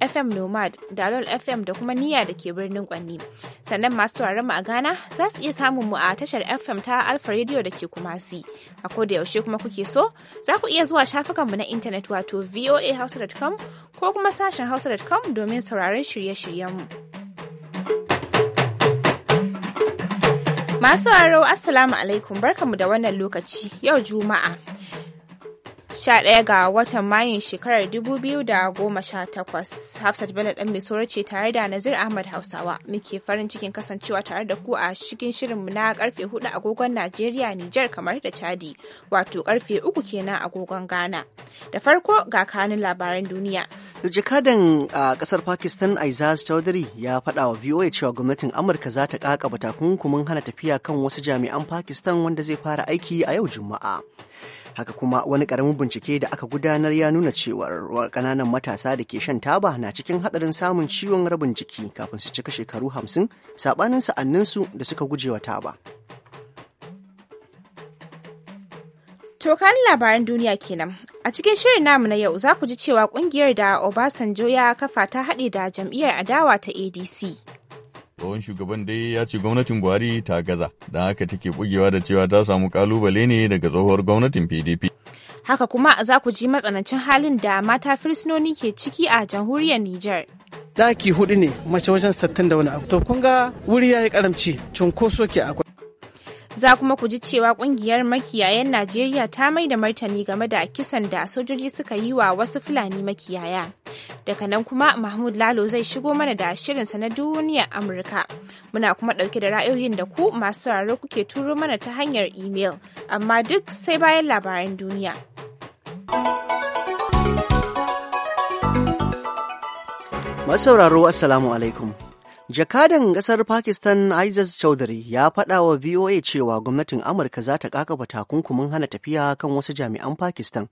FM Nomad, Dalol FM da kuma Niyya da ke birnin Kwanni. Sannan masu mu a Ghana za su iya samun mu a tashar FM ta Alfa Radio da ke Kumasi. A ko da yaushe kuma kuke so, za ku iya zuwa shafukanmu na intanet wato voahouse.com ko kuma sashen hausa.com domin sauraron shirye-shiryenmu. Masu aro Assalamu alaikum barkanmu da wannan lokaci yau Juma'a. 11 ga watan Mayun shekarar 2018 Hafsat Bello dan Misoro ce tare da Nazir Ahmad Hausawa muke farin cikin kasancewa tare da ku a cikin shirin na karfe 4 agogon Najeriya Nijar kamar da Chadi wato karfe 3 kenan agogon Ghana da farko ga kanin labaran duniya jakadan a kasar Pakistan Aizaz chaudhary ya faɗa wa VOA cewa gwamnatin Amurka za ta kakaba takunkumin hana tafiya kan wasu jami'an Pakistan wanda zai fara aiki a yau Juma'a haka kuma wani karamin bincike da aka gudanar ya nuna cewar kananan matasa da ke shan taba na cikin hadarin samun ciwon rabin jiki kafin su cika shekaru hamsin sabanin sa'anninsu da suka wa taba Tokan labaran duniya kenan. A cikin shirin namu na yau za ku ji cewa kungiyar da Obasanjo ya kafa ta haɗe da jam'iyyar adawa ta ADC. Tsohon shugaban dai ya ce gwamnatin Buhari ta gaza, don haka take bugewa da cewa ta samu kalubale ne daga tsohuwar gwamnatin PDP. Haka kuma za ku ji matsanancin halin da mata fursunoni ke ciki a jamhuriyar Nijar. Daki hudu ne mace wajen sattin da wani abu. To kun ga wuri ya yi karamci, cunkoso ke akwai. Za kuma ku ji cewa kungiyar makiyayan Najeriya ta mai da martani game da kisan da sojoji suka yi wa wasu Fulani makiyaya. Daga nan kuma Mahmud Lalo zai shigo mana da shirinsa na duniyar Amurka. Muna kuma ɗauke da ra'ayoyin da ku masu sauraro kuke turo mana ta hanyar imel, amma duk sai bayan labaran duniya. Masauraro Assalamu alaikum. Jakadan ƙasar Pakistan Aizaz Chaudhary ya faɗa wa VOA cewa gwamnatin Amurka za ta kakaba takunkumin hana tafiya kan wasu jami'an Pakistan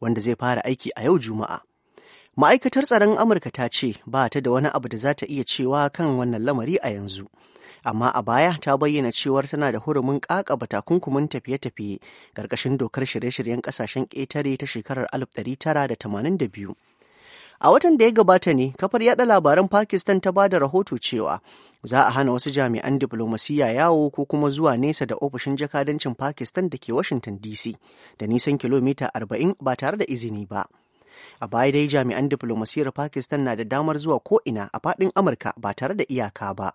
wanda zai fara aiki a yau Juma'a. Ma'aikatar tsaron Amurka ta ce ba ta da wani abu da za ta iya cewa kan wannan lamari a yanzu. Amma a baya ta bayyana cewar tana da hurumin kakaba takunkumin tafiye-tafiye ƙarƙashin dokar shirye-shiryen ƙasashen ƙetare ta shekarar 1982. A watan da ya gabata ne, kafar yada labaran Pakistan ta ba da rahoto cewa za a hana wasu jami'an diflomasiyya yawo ko kuma zuwa nesa da ofishin jakadancin Pakistan da ke Washington DC da nisan kilomita 40 ba tare da izini ba. A baya dai jami'an diflomasiyyar Pakistan na da damar zuwa ko'ina a faɗin Amurka ba tare da iyaka ba.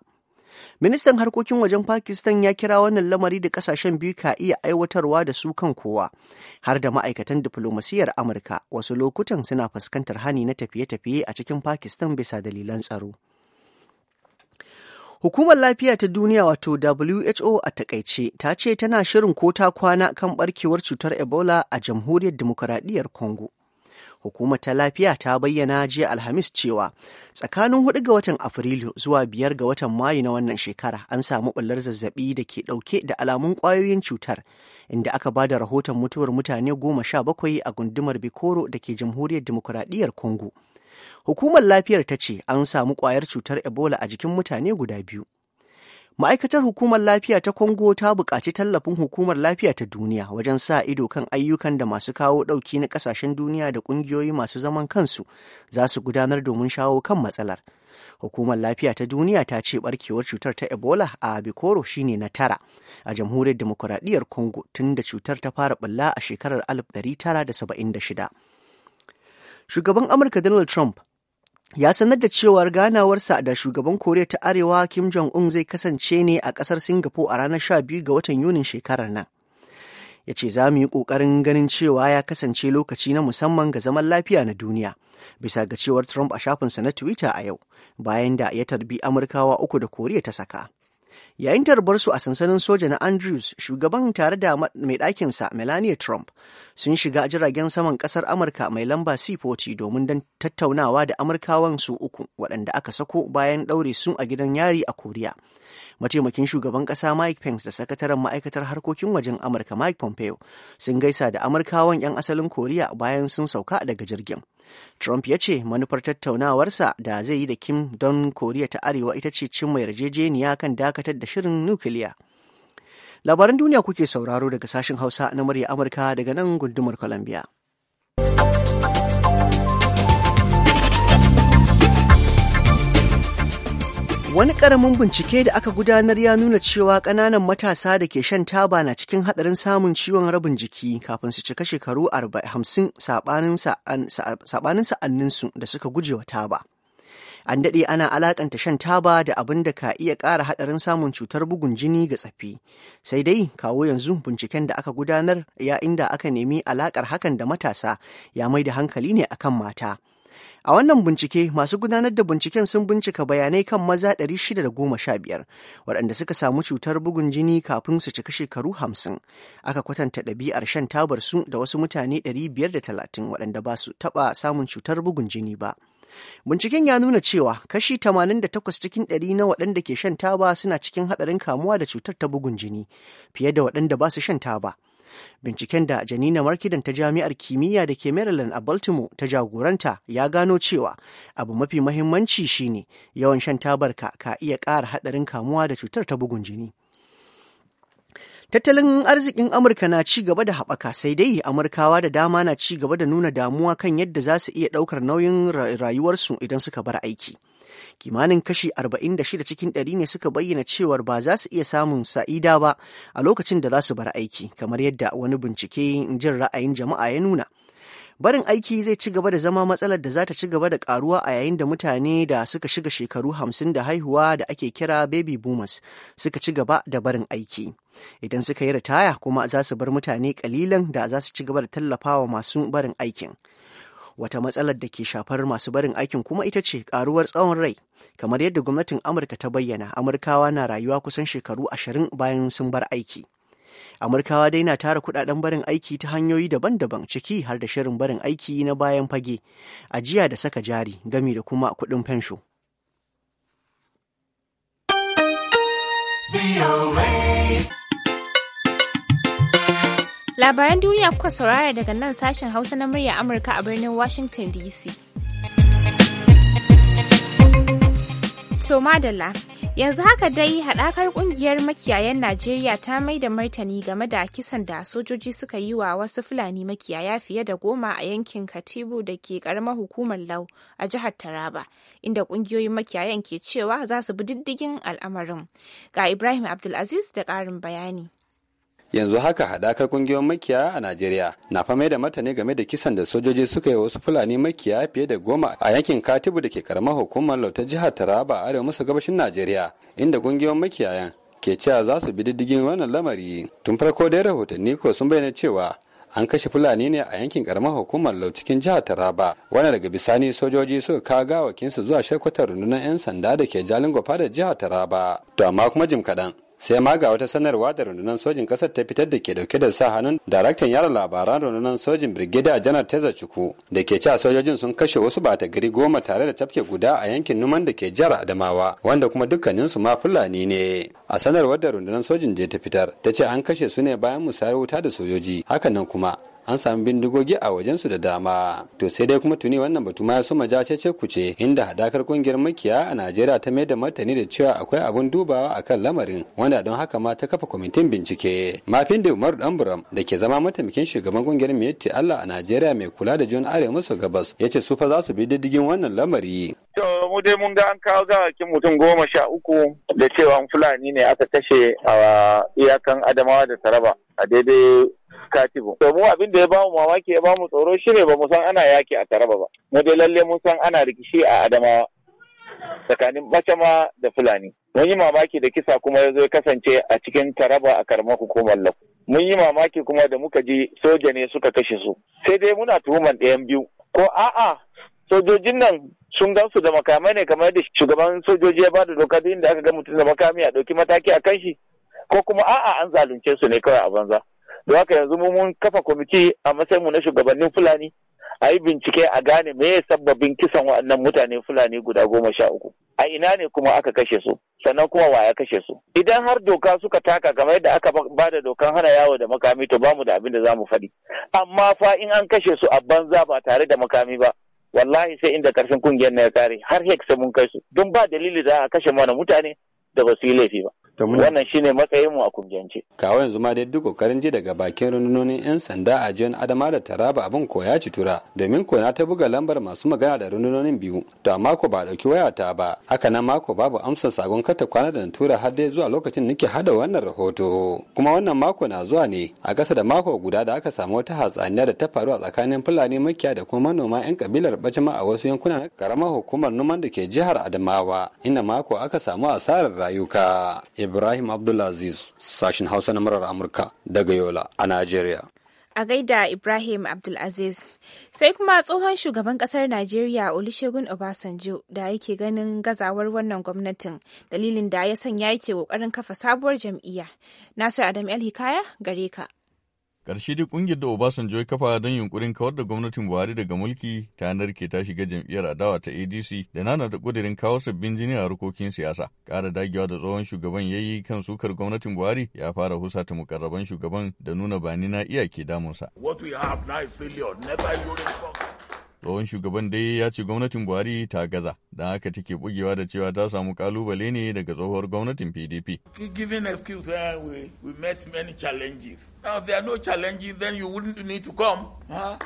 Ministan harkokin wajen Pakistan ya kira wannan lamari da kasashen biyu ka iya aiwatarwa da su kan kowa, har da ma'aikatan diflomasiyyar Amurka wasu lokutan suna fuskantar hani na tafiye-tafiye a cikin Pakistan bisa dalilan tsaro. Hukumar Lafiya ta Duniya wato WHO a takaice ta ce tana shirin ko ta kwana kan barkewar cutar Ebola a Jamhuriyar Dimokuraɗiyyar Congo. hukumar ta lafiya ta bayyana jiya alhamis cewa tsakanin 4 ga watan afrilu zuwa 5 ga watan mayu na wannan shekara an samu ɓullar zazzabi da ke ɗauke da alamun ƙwayoyin cutar inda aka ba da rahoton mutuwar mutane goma sha bakwai a gundumar bikoro da ke jamhuriyar dimokuraɗiyyar congo hukumar lafiyar ta ce an samu ƙwayar cutar ebola a jikin mutane guda biyu Ma'aikatar Hukumar Lafiya ta Kongo ta buƙaci tallafin Hukumar Lafiya ta Duniya wajen sa ido kan ayyukan da masu kawo ɗauki na ƙasashen duniya da ƙungiyoyi masu zaman kansu za su gudanar domin shawo kan matsalar. Hukumar Lafiya ta Duniya ta ce barkewar cutar ta Ebola a Bikoro shine na tara a Jamhuriyar Demokuraɗiyyar Kongo tun da cutar ta fara ɓulla a shekarar 1976. Shugaban Amurka Donald Trump ya sanar da cewar ganawarsa da shugaban koriya ta arewa kim jong-un zai kasance ne a kasar singapore a ranar 12 ga watan yunin shekarar nan ya ce za mu yi ƙoƙarin ganin cewa ya kasance lokaci na musamman ga zaman lafiya na duniya bisa ga cewar trump a shafinsa na twitter a yau bayan da ya tarbi amurkawa uku da koriya ta saka Yayin tarbar su a sansanin soja na Andrews, shugaban tare da mai ɗakinsa Melania Trump sun shiga jiragen saman ƙasar Amurka mai lamba C-40 domin don tattaunawa da Amurkawan su uku waɗanda aka sako bayan ɗaure su a gidan yari a Koriya. Mataimakin shugaban ƙasa Mike Pence da sakataren ma'aikatar harkokin wajen Amurka Mike Pompeo sun gaisa da Amurkawan 'yan asalin Koriya bayan sun sauka daga jirgin. Trump ya ce manufar tattaunawarsa da zai yi da Kim don Koriya ta Arewa ita ce cimma yarjejeniya kan dakatar da shirin nukiliya. Labaran duniya kuke sauraro daga sashen Hausa na murya Amurka daga nan gundumar Columbia. Wani ƙaramin bincike da aka gudanar ya nuna cewa ƙananan matasa da ke shan taba na cikin haɗarin samun ciwon rabin jiki kafin su cika shekaru 50 saɓanin sa'anninsu da suka gujewa taba. An daɗe ana alakanta shan taba da abin da ka iya ƙara haɗarin samun cutar bugun jini ga tsafi. Sai dai kawo yanzu binciken da aka gudanar ya inda aka nemi alaƙar hakan da matasa ya mai da hankali ne akan mata. A wannan bincike masu gudanar da binciken sun bincika bayanai kan maza 615 waɗanda suka samu cutar bugun jini kafin su cika shekaru 50. Aka kwatanta ɗabi'ar shan tabar su da wasu mutane 530 waɗanda ba su taɓa samun cutar bugun jini ba. Binciken ya nuna cewa kashi 88 cikin 100 na waɗanda ke shan taba suna cikin haɗarin kamuwa da cutar ta bugun jini fiye da waɗanda ba su shan taba. Binciken da Janina Markidan ta Jami'ar Kimiyya da ke Maryland a Baltimore ta jagoranta ya gano cewa abu mafi mahimmanci shine yawan shan tabarka ka iya ƙara haɗarin kamuwa da cutar ta bugun jini. Tattalin arzikin Amurka na ci gaba da haɓaka sai dai Amurkawa da dama na ci gaba da nuna damuwa kan yadda za su iya ɗaukar nauyin rayuwarsu idan suka bar aiki. kimanin kashi 46 cikin 100 ne suka bayyana cewar ba za su iya samun sa'ida ba a lokacin da za su bar aiki kamar yadda wani bincike jin ra'ayin jama'a ya nuna barin aiki zai ci gaba da zama matsalar da za ta ci gaba da karuwa a yayin da mutane da suka shiga shekaru hamsin da haihuwa da ake kira baby boomers suka ci gaba da barin aiki idan suka yi ritaya kuma za su bar mutane kalilan da za su ci gaba da tallafawa masu barin aikin wata matsalar da ke shafar masu barin aikin kuma ita ce karuwar tsawon rai kamar yadda gwamnatin amurka ta bayyana amurkawa na rayuwa kusan shekaru ashirin bayan sun bar aiki amurkawa dai na tara kudaden barin aiki ta hanyoyi daban-daban ciki har da shirin barin aiki na bayan fage ajiya da saka jari gami da kuma kuɗin fensho. Labaran duniya kuka saurara daga nan sashen Hausa na murya Amurka a birnin Washington DC. To Madala, yanzu haka dai haɗakar ƙungiyar makiyayan Najeriya ta mai da martani game da kisan da sojoji suka yi wa wasu Fulani makiyaya fiye da goma a yankin Katibu da ke ƙaramar hukumar Lau a jihar Taraba, inda ƙungiyoyin makiyayan ke cewa za su bi diddigin al'amarin. Ga Ibrahim Abdulaziz da ƙarin bayani. yanzu haka hadakar kungiyoyin makiya a najeriya na fama da martani game da kisan da sojoji suka yi wasu fulani makiya fiye da goma a yankin katibu da ke karamar hukumar lauta jihar taraba arewa maso gabashin najeriya inda kungiyoyin makiyayan ke cewa za su bi diddigin wannan lamari tun farko dai rahotanni ko sun bayyana cewa an kashe fulani ne a yankin karamar hukumar lau cikin jihar taraba wanda daga bisani sojoji suka kawo gawakinsu zuwa shekwatar rundunar 'yan sanda da ke jalingo da jihar taraba to amma kuma jim kaɗan sai ma ga wata sanarwa da rundunar sojin kasar ta fitar da ke dauke da sa hannun daraktan yara labaran rundunar sojin brigadier janar teza cuku da ke cewa sojojin sun kashe wasu bata gari goma tare da tafke guda a yankin numan da ke jihar adamawa wanda kuma su ma fulani ne a sanarwar da rundunar sojin je ta fitar ta ce an kashe su ne bayan musayar wuta da sojoji nan kuma an sami bindigogi a wajensu da dama to sai dai kuma tuni wannan batu ma ya suma ja ce kuce inda hadakar kungiyar makiya a najeriya ta mai da martani da cewa akwai abun dubawa akan lamarin wanda don haka ma ta kafa kwamitin bincike mafin da umaru danburam da ke zama mataimakin shugaban kungiyar miyatti allah a najeriya mai kula da jiyon arewa maso gabas ya ce su fa za su bi diddigin wannan lamari to mu dai mun ga an kawo gawakin mutum goma sha uku da cewa fulani ne aka kashe a iyakan adamawa da taraba a daidai katibu. To mu abin da ya bamu mamaki ya bamu tsoro shine ba mu san ana yaki a taraba ba. Mu dai lalle mun san ana rikici a Adamawa tsakanin Bacama da Fulani. Mun yi mamaki da kisa kuma ya zo kasance a cikin taraba a karamar hukumar lau. Mun yi mamaki kuma da muka ji soja ne suka kashe su. Sai dai muna tuhuman ɗayan biyu. Ko a'a sojojin nan sun gansu da makamai ne kamar yadda shugaban sojoji ya bada doka duk inda aka ga mutum da makami a ɗauki mataki a kan shi. ko kuma a'a an zalunce su ne kawai a banza don haka yanzu mu mun kafa kwamiti a matsayin mu na shugabannin fulani a yi bincike a gane me ya sababbin kisan waɗannan mutane fulani guda goma sha uku a ina ne kuma aka kashe su sannan kuma wa ya kashe su idan har doka suka taka kamar yadda aka ba da dokan hana yawo da makami to bamu da abin da zamu faɗi amma fa in an kashe su a banza ba tare da makami ba wallahi sai inda karshen kungiyar na ya kare har hek sai mun kai su don ba dalili da a kashe mana mutane da ba su yi laifi ba wannan shine matsayin mu a kungiyance kawo yanzu ma dai duk kokarin ji daga bakin rundunonin yan sanda a jiyan adama da taraba abin ko ya ci tura domin ko na ta buga lambar masu magana da rundunonin biyu to a mako ba dauki ta ba haka nan mako babu amsar sagon kata kwana da na tura har dai zuwa lokacin nake hada wannan rahoto kuma wannan mako na zuwa ne a kasa da mako guda da aka samu wata hatsaniya da ta faru a tsakanin fulani makiya da kuma manoma yan kabilar Bajima a wasu yankuna na karamar hukumar numan da ke jihar adamawa inda mako aka samu asarar rayuka Ibrahim Abdulaziz, sashen Hausa na murar Amurka daga Yola a Najeriya. a gaida Ibrahim Abdulaziz. Sai kuma tsohon shugaban kasar Najeriya Olusegun Obasanjo da yake ganin gazawar wannan gwamnatin dalilin da ya sanya yake kokarin kafa sabuwar jam'iyya. Nasir Adam El Hikaya gare ka. Ƙarshe dai ƙungiyar da Obasanjo ya kafa don yunkurin kawar da gwamnatin Buhari daga mulki ta narke ta shiga jam'iyyar adawa ta ADC da nana ta kudirin kawo sabbin jini a harkokin siyasa. Ƙara dagewa da tsohon shugaban ya yi kan sukar gwamnatin Buhari ya fara husata mukarraban shugaban da nuna bani na iya ke damunsa. What we have now is Tsohon shugaban dai ya ce gwamnatin Buhari ta gaza, don haka take bugewa da cewa ta samu kalubale ne daga tsohuwar gwamnatin PDP. Giving excuse uh, we, we met many challenges. Now if there are no challenges then you wouldn't need to come. Huh?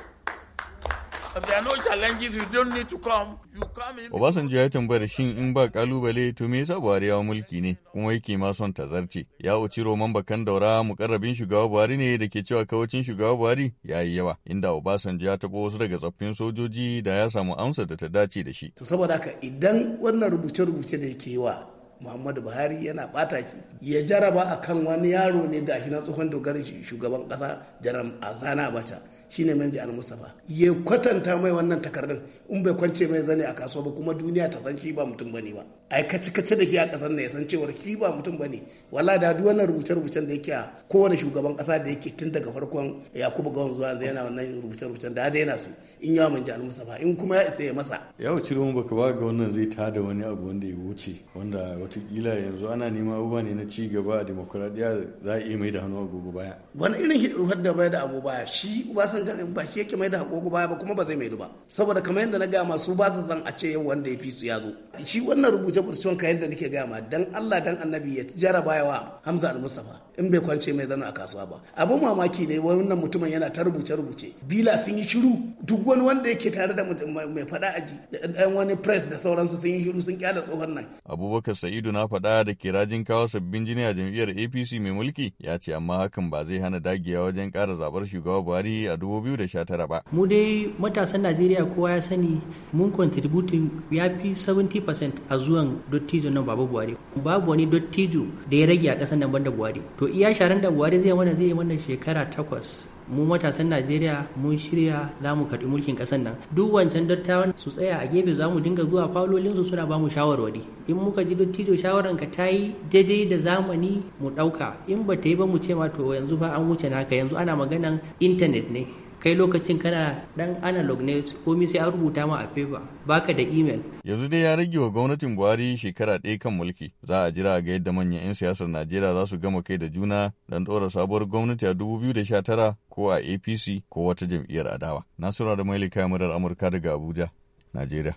Obasanjo ya tambayar shin in ba kalubale to me yasa Buhari ya mulki ne kuma yake ma son zarce Ya uci Roman Bakan Daura mukarrabin shugaba Buhari ne da ke cewa kawacin shugaba Buhari ya yi yawa inda Obasanjo ya taɓo wasu daga tsoffin sojoji da ya samu amsa da ta dace da shi. To saboda haka idan wannan rubuce-rubuce da yake yi wa Muhammadu Buhari yana ɓata shi ya jaraba akan wani yaro ne da shi na tsohon dogarin shugaban ƙasa Janar Azana Abacha. shine manji al-mustafa ya kwatanta mai wannan takardar in bai kwance mai zane a kasuwa ba kuma duniya ta san shi ba mutum bane ba ai kaci kaci da ke a kasar na ya san cewar ki ba mutum ba ne wala da duk wannan rubuce rubucen da yake a kowane shugaban kasa da yake tun daga farkon yakubu gawan zuwa yanzu yana wannan rubuce rubucen da da yana su in ya manja almusafa in kuma ya isa ya masa yau cire mu baka ba ga wannan zai ta da wani abu wanda ya wuce wanda watakila yanzu ana nema abubuwa ne na ci gaba a demokradiyya za a iya mai da hannu gogo baya wani irin shi da mai da abu baya shi ubasanjan ba shi yake mai da agogo baya ba kuma ba zai mai ba saboda kamar yadda na gaya masu ba su san a ce yau wanda ya fi su ya zo shi wannan rubuce burce ka yadda nake gaya ma dan Allah dan annabi ya jarabawa Hamza al-Mustafa in bai kwance mai zana a kasuwa ba abin mamaki ne wannan mutumin yana ta rubuce rubuce bila sun yi shiru duk wani wanda yake tare da mai fada aji dan wani press da sauransu sun yi shiru sun kyala tsohon nan Abubakar Sa'idu na fada da kirajin kawo sabbin jini a jam'iyyar APC mai mulki ya ce amma hakan ba zai hana dagiya wajen kara zabar shugaba Buhari a 2019 ba mu dai matasan Najeriya kowa ya sani mun contributing ya fi 70% a zuwan dottijo nan babu buhari babu wani dottijo da ya rage a ƙasar nan banda buhari to iya sharan da buhari zai mana zai mana shekara takwas mu matasan najeriya mun shirya za mu karɓi mulkin ƙasar nan duk wancan dattawan su tsaya a gefe za mu dinga zuwa falolin su suna bamu shawarwari in muka ji dattijo shawaran ka ta yi daidai da zamani mu ɗauka in ba ta yi ba mu ce ma to yanzu ba an wuce naka yanzu ana maganan intanet ne kai lokacin kana dan analog ne komi sai an rubuta ma a paper baka da email yanzu dai ya rage wa gwamnatin buhari shekara ɗaya kan mulki za a jira ga yadda manyan 'yan siyasar najeriya za su gama kai da juna don ɗora sabuwar gwamnati a 2019 ko a apc ko wata jam'iyyar adawa nasura da maili kayan murar amurka daga abuja najeriya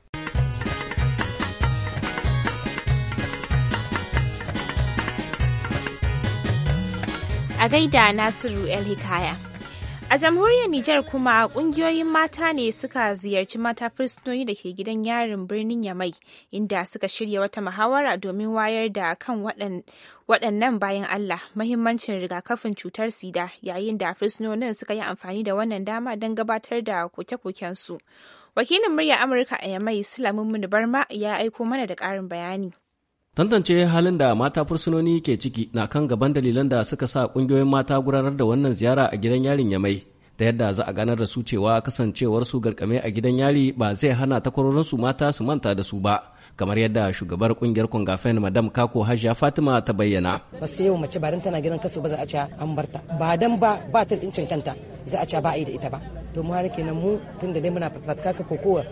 a gaida nasiru el hikaya A jamhuriyar Nijar kuma kungiyoyin mata ne suka ziyarci mata fursunoni da ke gidan yarin birnin Yamai inda suka shirya wata muhawara domin wayar da kan waɗannan bayan Allah mahimmancin rigakafin cutar sida yayin da fursunonin suka yi amfani da wannan dama don gabatar da koke-kokensu. Wakilin murya Amurka a Yamai Sulamun Barma ya aiko mana da ƙarin bayani. Tantance halin da mata fursunoni ke ciki na kan gaban dalilan da suka sa ƙungiyoyin mata gudanar da wannan ziyara a gidan yarin mai da yadda za a ganar da su cewa kasancewar su garkame a gidan yari ba zai hana takwarorin su mata su manta da su ba, kamar yadda shugabar kungiyar Kongafen Madam Kako Hajiya Fatima ta bayyana. Basu yau mace ba dan tana gidan kaso ba za a ce an barta, ba dan ba ba ta incin kanta za a ce ba a yi da ita ba. To mu har kenan mu tunda dai muna fatkaka kokowa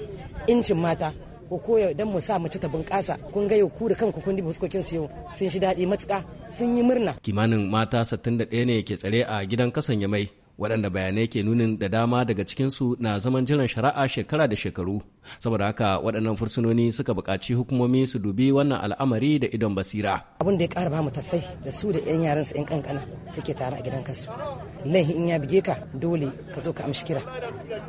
incin mata ko koya dan mu sa mace ta bunƙasa kun ga yau ku da kanku kun dibi huskokin su yau sun shi daɗi matuƙa sun yi murna kimanin mata 61 ne ke tsare a gidan kasan yamai waɗanda bayanai ke nunin da dama daga cikinsu na zaman jiran shari'a shekara da shekaru saboda haka waɗannan fursunoni suka buƙaci hukumomi su dubi wannan al'amari da idon basira abin da ya ƙara ba mu tasai da su da 'yan yaransu 'yan kankana suke tare a gidan kansu laifin in ya buge ka dole ka zo ka amshi kira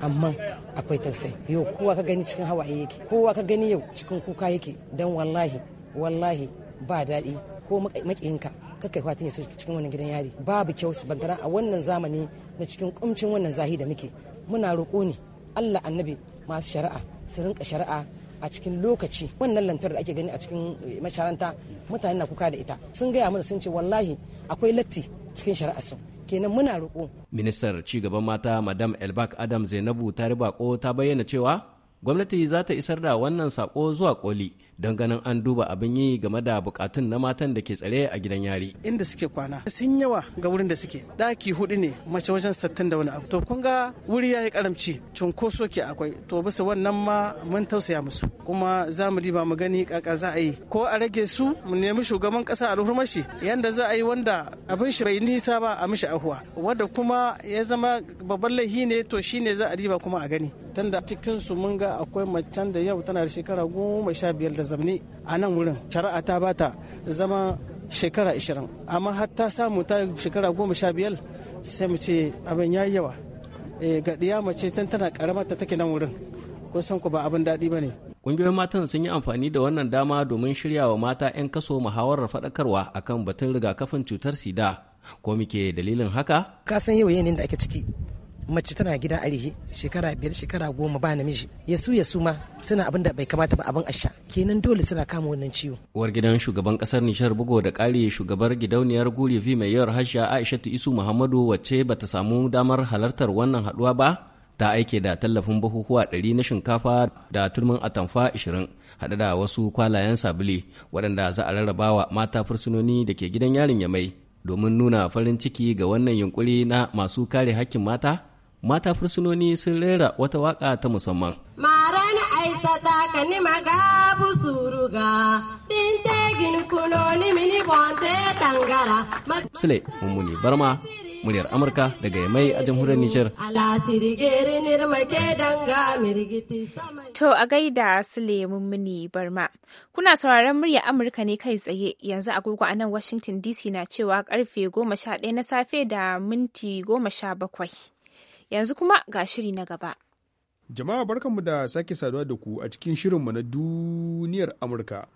amma akwai tausayi yau kowa ka gani cikin hawaye yake kowa ka gani yau cikin kuka yake dan wallahi wallahi ba daɗi ko makiyinka kakkai fatan ya cikin wannan gidan yari babu kyau su bantana a wannan zamani na cikin kumcin wannan zahi da muke muna roƙo ne Allah annabi masu shari'a su rinka shari'a a cikin lokaci wannan lantar da ake gani a cikin eh, masharanta mutane na kuka da ita sun gaya mana sun ce wallahi akwai latti cikin shari'a su kenan muna roƙo ministar cigaban mata madam elbak adam zainabu ta riba ko ta bayyana cewa gwamnati za ta isar da wannan sako zuwa koli don ganin an duba abin yi game da bukatun na matan da ke tsare a gidan yari inda suke kwana sun yawa ga wurin da suke daki hudu ne mace wajen sattin da wani abu to kun ga wuri ya yi karamci cunkoso ke akwai to bisa wannan ma mun tausaya musu kuma za mu diba mu gani kaka za a yi ko a rage su mu nemi shugaban kasa a ruhumar shi yanda za a yi wanda abin shi bai nisa ba a mishi ahuwa wanda kuma ya zama babban laifi ne to shine za a diba kuma a gani tunda cikin su mun ga akwai macen da yau tana da shekara goma sha biyar da zamne a nan wurin shari'a ta bata zama shekara ishirin amma har ta samu ta shekara goma sha biyar sai mu ce abin ya yawa eh, ga ɗiya mace tana karamar ta take nan wurin kusan ku ba abin daɗi ba ne Ƙungiyoyin matan sun yi amfani da wannan dama domin shirya wa mata 'yan kaso muhawarar faɗakarwa akan batun rigakafin cutar sida. Ko muke dalilin haka? Ka san yau yanayin da ake ciki. mace tana gida arihe shekara biyar shekara goma ba namiji ya su ya suma suna abin da bai kamata ba abin asha kenan dole suna kama wannan ciwo uwar gidan shugaban kasar nishar bugo da kari shugabar gidauniyar guri vi mai yawar hasha aishatu isu muhammadu wacce bata samu damar halartar wannan haduwa ba ta aike da tallafin bukukuwa ɗari na shinkafa da turmin atamfa 20 haɗe da wasu kwalayen sabili waɗanda za a rarraba wa mata fursunoni da ke gidan yarin mai domin nuna farin ciki ga wannan yunkuri na masu kare hakkin mata mata fursunoni sun rera wata waka ta musamman. Maran aisa ta kani maga busuruga, din tegin kunoni mini bonte tangara. Sule, mummuni barma, muryar Amurka daga Yamai a jamhuriyar Nijar. To a gaida Sule Mummuni Barma. Kuna sauraron muryar Amurka ne kai tsaye yanzu agogo a nan Washington DC na cewa karfe 11 na safe da minti 17. Yanzu kuma ga shiri na gaba. Jama'a barkanmu da sake saduwa da ku a cikin shirinmu na duniyar Amurka.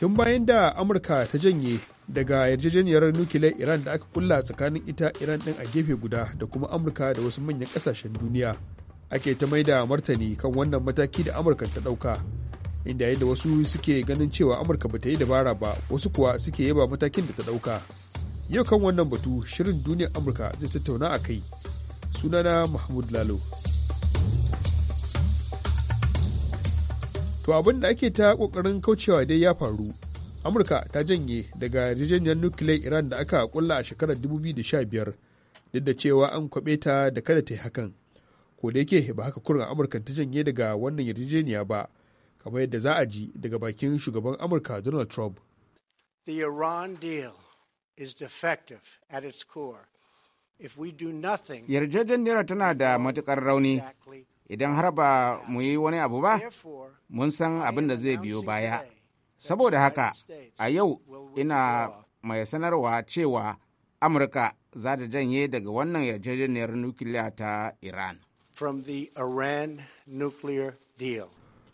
Tun bayan da Amurka ta janye daga yarjejeniyar nukiliyar Iran da aka kulla tsakanin ita Iran ɗin a gefe guda da kuma Amurka da wasu manyan ƙasashen duniya. Ake ta maida martani kan wannan mataki da Amurka ta ɗauka inda yadda da wasu suke ganin cewa amurka bata yi dabara ba wasu kuwa suke yaba matakin da ta dauka yau kan wannan batu shirin duniyar amurka zai tattauna a kai sunana mahmud lalo to abin da ake ta kokarin kaucewa dai ya faru amurka ta janye daga yarjejeniyar nukiliyar iran da aka kulla a shekarar 2015 duk da cewa an kwabe ta da kada ta yi hakan ko da yake ba haka kurin amurka ta janye daga wannan yarjejeniya ba kamar yadda za a ji daga bakin shugaban amurka donald trump the iran deal is defective at its core yarjejeniyar tana da matukar rauni idan har ba mu yi wani abu ba mun san abin da zai biyo baya saboda haka a yau ina mai sanarwa cewa amurka za ta janye daga wannan yarjejeniyar nukiliya ta iran from the iran nuclear deal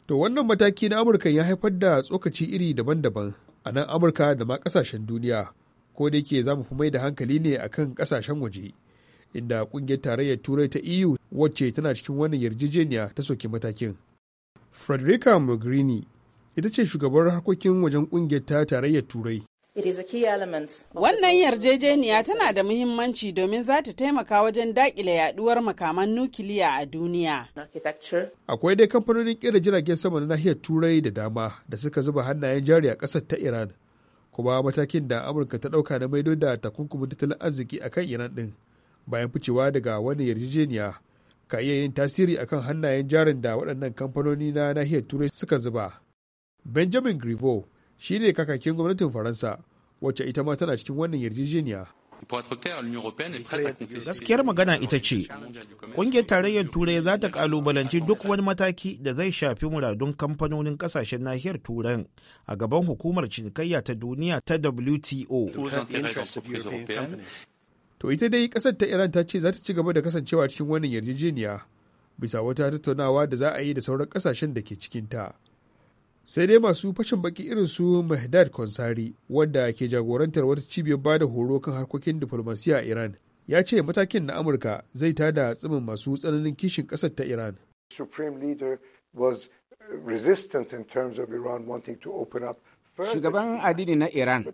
To wannan mataki na Amurka ya haifar da tsokaci iri daban-daban a nan Amurka da ma kasashen duniya, ko da yake za mu fi mai da hankali ne a kan kasashen waje, inda ƙungiyar tarayyar Turai ta EU wacce tana cikin wannan yarjejeniya ta soki matakin. Frederica Mogherini ita ce shugabar harkokin wajen kungiyar tarayyar Turai Wannan yarjejeniya tana da muhimmanci domin za ta taimaka wajen dakile yaduwar makaman nukiliya a duniya. Akwai dai kamfanonin ƙera jiragen sama na nahiyar Turai da dama da suka zuba hannayen jari a ƙasar ta Iran, kuma matakin da Amurka ta ɗauka na maido da takunkumin tattalin arziki a kan Iran ɗin bayan ficewa daga wani yarjejeniya ka iya yin tasiri akan hannayen jarin da waɗannan kamfanoni na nahiyar Turai suka zuba. Benjamin Griveaux shi ne kakakin gwamnatin faransa wacce ita ma tana cikin wannan yarjejeniya gaskiyar magana ita ce ƙungiyar tarayyar turai za ta kalubalanci duk wani mataki da zai shafi muradun kamfanonin kasashen nahiyar turan a gaban hukumar cinikayya ta duniya ta wto to ita dai kasar ta iran ta ce za ta ci gaba da kasancewa cikin wannan yarjejeniya bisa wata tattaunawa da za a yi da sauran ƙasashen da ke cikinta sai dai masu fashin baki irin su mahdad konsari wanda ke jagorantar wata cibiyar ba da horo kan harkokin diflomasiya a iran ya ce matakin na amurka zai tada tsimin masu tsananin kishin kasar ta iran uh, shugaban adini na iran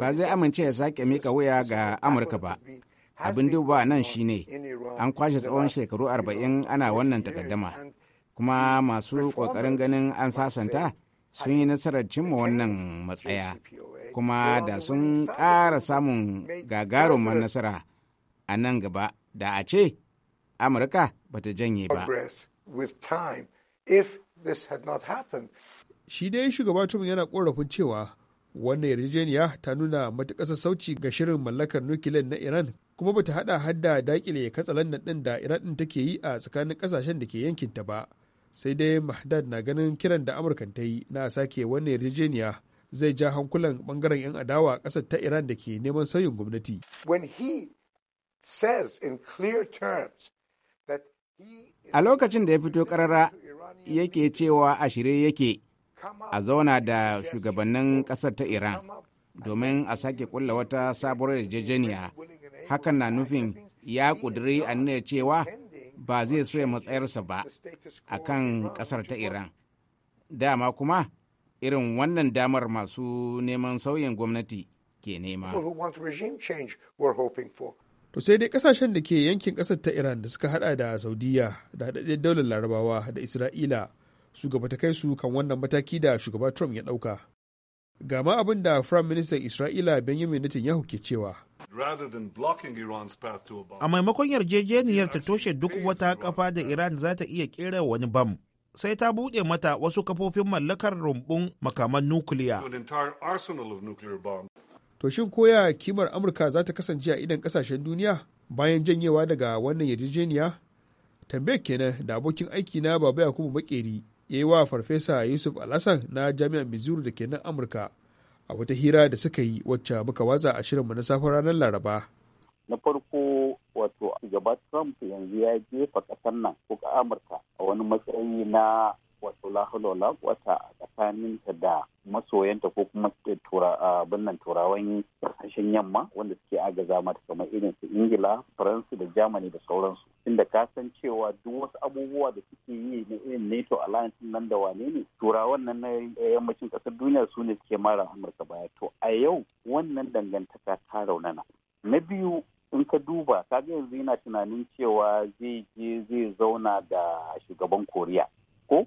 ba zai amince ya sake mika wuya ga amurka ba abin duba nan shine an kwashe tsawon shekaru 40 ana wannan takaddama kuma masu kokarin ganin an sasanta sun yi nasarar cimma wannan matsaya kuma da sun ƙara samun gagarumar nasara a nan gaba da a ce amurka ba ta janye ba shi dai shugaba trump yana korafin cewa wannan yarjejeniya ta nuna matuƙar sassauci ga shirin mallakar nukiliyar na iran kuma bata hada hadda dakile katsalandan ɗin da iran ɗin take yi a tsakanin ƙasashen da ke yankinta ba sai dai mahdad na ganin kiran da amurka ta yi na sake wannan yarjejeniya zai ja hankulan bangaren 'yan adawa a ta iran da ke neman sauyin gwamnati a lokacin da ya fito karara yake cewa a shirye yake a zauna da shugabannin kasar ta iran domin a sake kulla wata sabuwar yarjejeniya hakan na nufin ya kudiri aniyar cewa ba zai soya matsayarsa ba a kan ƙasar ta Iran. Dama kuma irin wannan damar masu neman sauyin gwamnati ke nema. To sai dai kasashen da ke yankin ƙasar ta Iran da suka hada da Saudiya da haɗaɗɗen daular Larabawa da Isra'ila su gaba ta kai su kan wannan mataki da shugaba Trump ya ɗauka. gama abin da firayim ministan isra'ila benjamin netanyahu ke cewa a maimakon yarjejeniyar ta toshe duk wata kafa da iran za ta iya kera wani bam sai ta buɗe mata wasu kafofin mallakar rumbun makaman nukiliya to shin koya kimar amurka za ta kasance a idan kasashen duniya bayan janyewa daga wannan yarjejeniya tambayar kenan da abokin aiki na baba kuma makeri ya yi wa farfesa yusuf alasan na jami'ar missouri da ke nan amurka a wata hira da suka yi wacce muka watsa a shirinmu na safar ranar laraba na farko wato gaba trump yanzu ya jefa kasar nan ko amurka a wani matsayi na wato lahula wata a tsakaninta da masoyanta ko kuma abin turawan kasashen yamma wanda suke agaza mata kamar irin su ingila faransu da germany da sauransu inda ka san cewa duk wasu abubuwa da suke yi na irin nato alliance nan da wane ne turawan nan na yammacin kasar duniya su ne suke mara amurka baya to a yau wannan dangantaka ta raunana na biyu in ka duba kaga yanzu yana tunanin cewa zai je zai zauna da shugaban koriya ko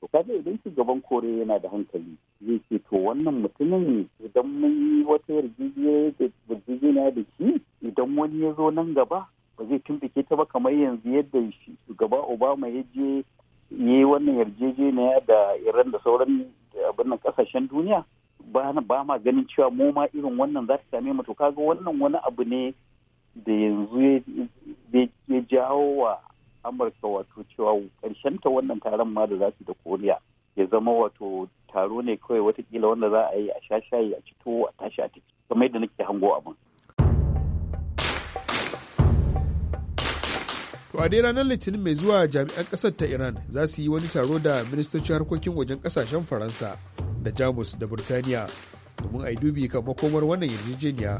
to kaga idan shugaban kore yana da hankali zai ce to wannan mutumin idan mun yi wata yarjejeniya da shi idan wani ya zo nan gaba ba zai tumbike ta ba kamar yanzu yadda shugaba obama ya je ya yi wannan yarjejeniya da iran da sauran abin kasashen duniya ba ma ganin cewa mu ma irin wannan za ta same mu to kaga wannan wani abu ne da yanzu ya jawo wa amurka wato cewa karshen ta wannan taron ma da za su da koriya ya zama wato taro ne kawai watakila wanda za a yi a sha shayi a cito a tashi a ciki kamar yadda nake hango abin To a dai ranar Litinin mai zuwa jami'an kasar ta Iran za su yi wani taro da ministocin harkokin wajen kasashen Faransa da Jamus da Burtaniya domin a yi dubi kan makomar wannan yarjejeniya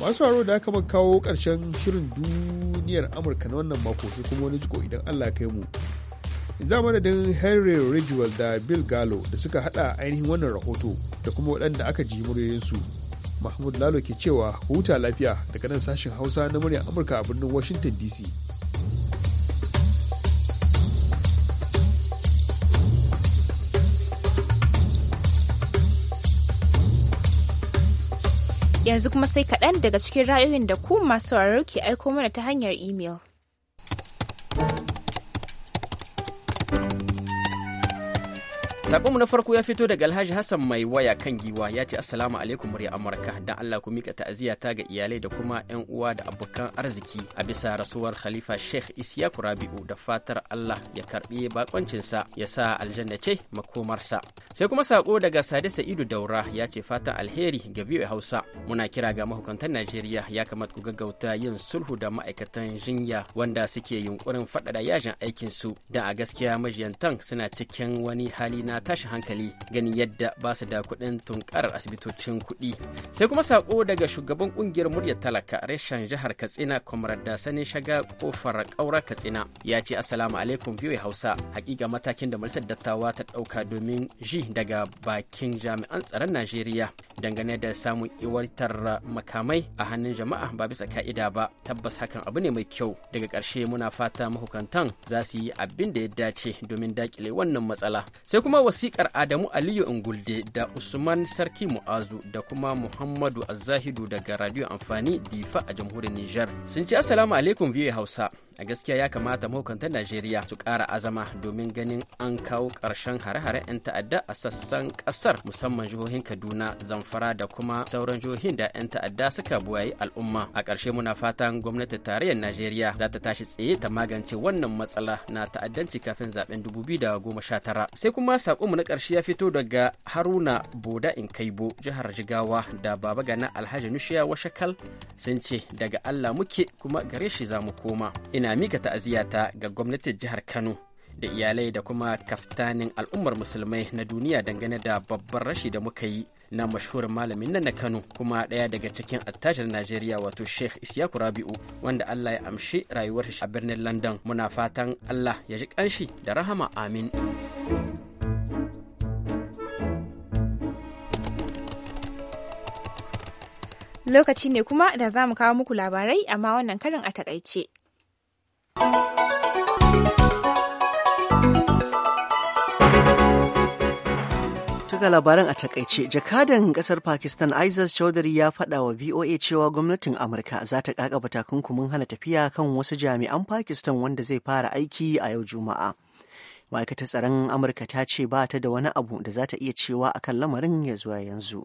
masu haro da aka maka kawo ƙarshen shirin duniyar amurka na wannan mako sai kuma wani jiko idan allah kai mu za madadin henry ridgewell da bill gallo da suka hada ainihin wannan rahoto da kuma waɗanda aka ji muryoyinsu mahmud lalo ke cewa huta lafiya daga nan sashen hausa na muryar amurka a birnin washington dc Yanzu kuma sai kaɗan daga cikin ra'ayoyin da ku masu sauraro ke aiko mana ta hanyar imel. Sakonmu na farko ya fito daga Alhaji Hassan mai waya kan giwa ya ce Assalamu alaikum murya Amurka Don Allah ku mika ta'aziyata ga iyalai da kuma 'yan uwa da abokan arziki a bisa rasuwar Khalifa Sheikh Isiyaku Rabi'u da fatar Allah ya karbi bakoncinsa ya sa aljanna ce makomarsa. Sai kuma sako daga Sade Sa'idu Daura ya ce fatan alheri ga biyu Hausa muna kira ga mahukuntan Najeriya ya kamata ku gaggauta yin sulhu da ma'aikatan jinya wanda suke yunkurin faɗaɗa yajin aikinsu da a gaskiya majiyantan suna cikin wani hali na tashin hankali ganin yadda ba su da kuɗin tunkarar asibitocin kuɗi sai kuma sako daga shugaban ƙungiyar muryar talaka reshen jihar katsina kwamarar da sanin shaga kofar ƙaura katsina ya ce assalamu alaikum biyu hausa hakika matakin da majalisar dattawa ta ɗauka domin ji daga bakin jami'an tsaron najeriya dangane da samun iwartar makamai a hannun jama'a ba bisa ka'ida ba tabbas hakan abu ne mai kyau daga ƙarshe muna fata mahukantan za su yi abin da ya dace domin daƙile wannan matsala sai kuma wasikar Adamu Aliyu Ingulde da Usman Sarki Mu'azu da kuma Muhammadu Azahidu daga Radio Amfani Difa a jamhuriyar Nijar sun ce Assalamu alaikum biyu Hausa. A gaskiya ya kamata mahukantar Najeriya su ƙara azama domin ganin an kawo ƙarshen hare hare 'yan ta'adda a sassan ƙasar musamman jihohin Kaduna, Zamfara da kuma sauran jihohin da 'yan ta'adda suka buwayi al'umma. A ƙarshe muna fatan gwamnatin tarayyar Najeriya za ta tashi tsaye ta magance wannan matsala na ta'addanci kafin zaben 2019. Sai kuma sakonmu na ƙarshe ya fito daga Haruna Boda in Kaibo jihar Jigawa da Baba Gana Alhaji Nushiya Washakal sun ce daga Allah muke kuma gare shi za mu koma. Ina mika ta'aziyata ga gwamnatin jihar Kano da iyalai da kuma kaftanin al'ummar musulmai na duniya dangane da babban rashi da muka yi na mashhur malamin nan na Kano kuma ɗaya daga cikin attajir Najeriya wato Sheikh Isyaku Rabi'u wanda Allah ya amshi rayuwar shi a birnin London muna fatan Allah ya ji kanshi da rahama amin. Lokaci ne kuma da za mu kawo muku labarai amma wannan karin a takaice. Tuka labaran a takaice jakadan kasar pakistan Isis Chaudhary ya faɗa wa voa cewa gwamnatin amurka za ta kaka takunkumin hana tafiya kan wasu jami'an pakistan wanda zai fara aiki a yau juma'a ma'aikatar tsaron amurka ta ce ba ta da wani abu da za ta iya cewa akan lamarin ya zuwa yanzu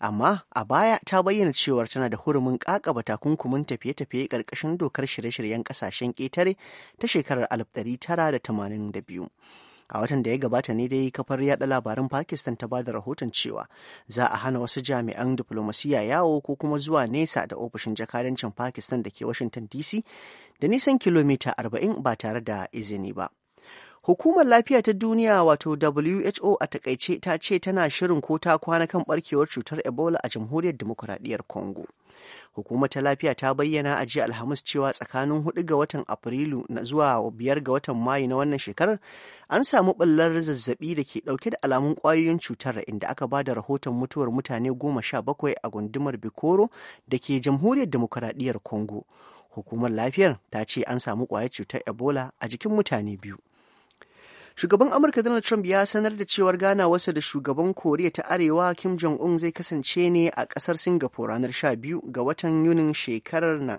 amma a baya ta bayyana cewar tana da hurumin kakaba takunkumin tafiye-tafiye karkashin dokar shirye-shiryen kasashen ƙetare ta shekarar 1982 a watan da ya gabata ne dai kafar yada labarin pakistan ta bada rahoton cewa za a hana wasu jami'an diplomasiya yawo ko kuma zuwa nesa da ofishin jakadancin pakistan da ke washington dc da nisan kilomita 40 ba tare da izini ba Hukumar Lafiya ta Duniya wato WHO a takaice ta ce tana shirin ko ta kwana kan barkewar cutar Ebola a Jamhuriyar Demokuraɗiyyar Congo. Hukumar ta lafiya ta bayyana a jiya Alhamis cewa tsakanin 4 ga watan Afrilu na zuwa 5 ga watan Mayu na wannan shekarar an samu ɓallar zazzabi da ke ɗauke da alamun ƙwayoyin cutar inda aka ba da rahoton mutuwar mutane 17 a gundumar Bikoro da ke Jamhuriyar dimokuraɗiyyar Congo. Hukumar lafiyar ta ce an samu ƙwayar cutar Ebola a jikin mutane biyu. Shugaban Amurka Donald Trump ya sanar da cewar gana ganawarsa da shugaban Koriya ta Arewa Kim Jong-un zai kasance ne a kasar Singapore ranar 12 ga watan Yunin shekarar nan.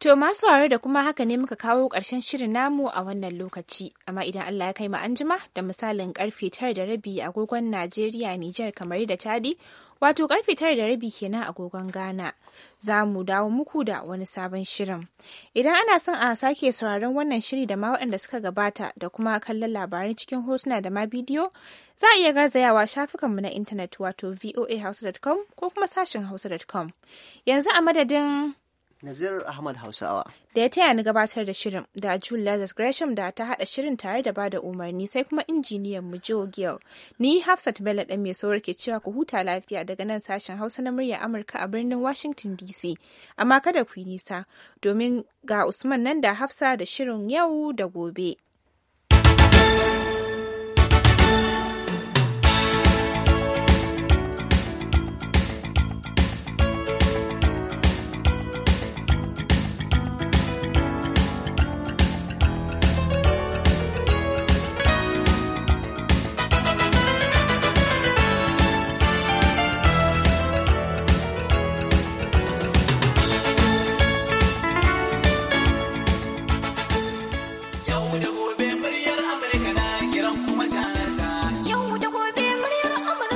To masu ware da kuma haka ne muka kawo ƙarshen shirin namu a wannan lokaci, amma idan Allah ya kai mu anjima da misalin karfe tara da rabi agogon Najeriya, Nijar kamar da Chadi, wato karfe tara da rabi kenan agogon Ghana. Za mu dawo muku da wani sabon shirin. Idan ana son a sake sauraron wannan shiri da ma waɗanda suka gabata da kuma kallon labarai cikin hotuna da ma bidiyo, za a iya garzayawa shafukanmu na intanet wato voahausa.com ko kuma sashen hausa.com. Yanzu a madadin Nazir Ahmad Hausawa. Da ya taya ni gabatar da shirin da June Lazarus Gresham da ta haɗa shirin tare da bada umarni sai kuma injiniyan mu Joe Gill. Ni Hafsat Bello ɗan mai sauri ke cewa ku huta lafiya daga nan sashen Hausa na murya Amurka a birnin Washington DC. Amma kada ku yi nisa domin ga Usman nan da Hafsa da shirin yau da gobe.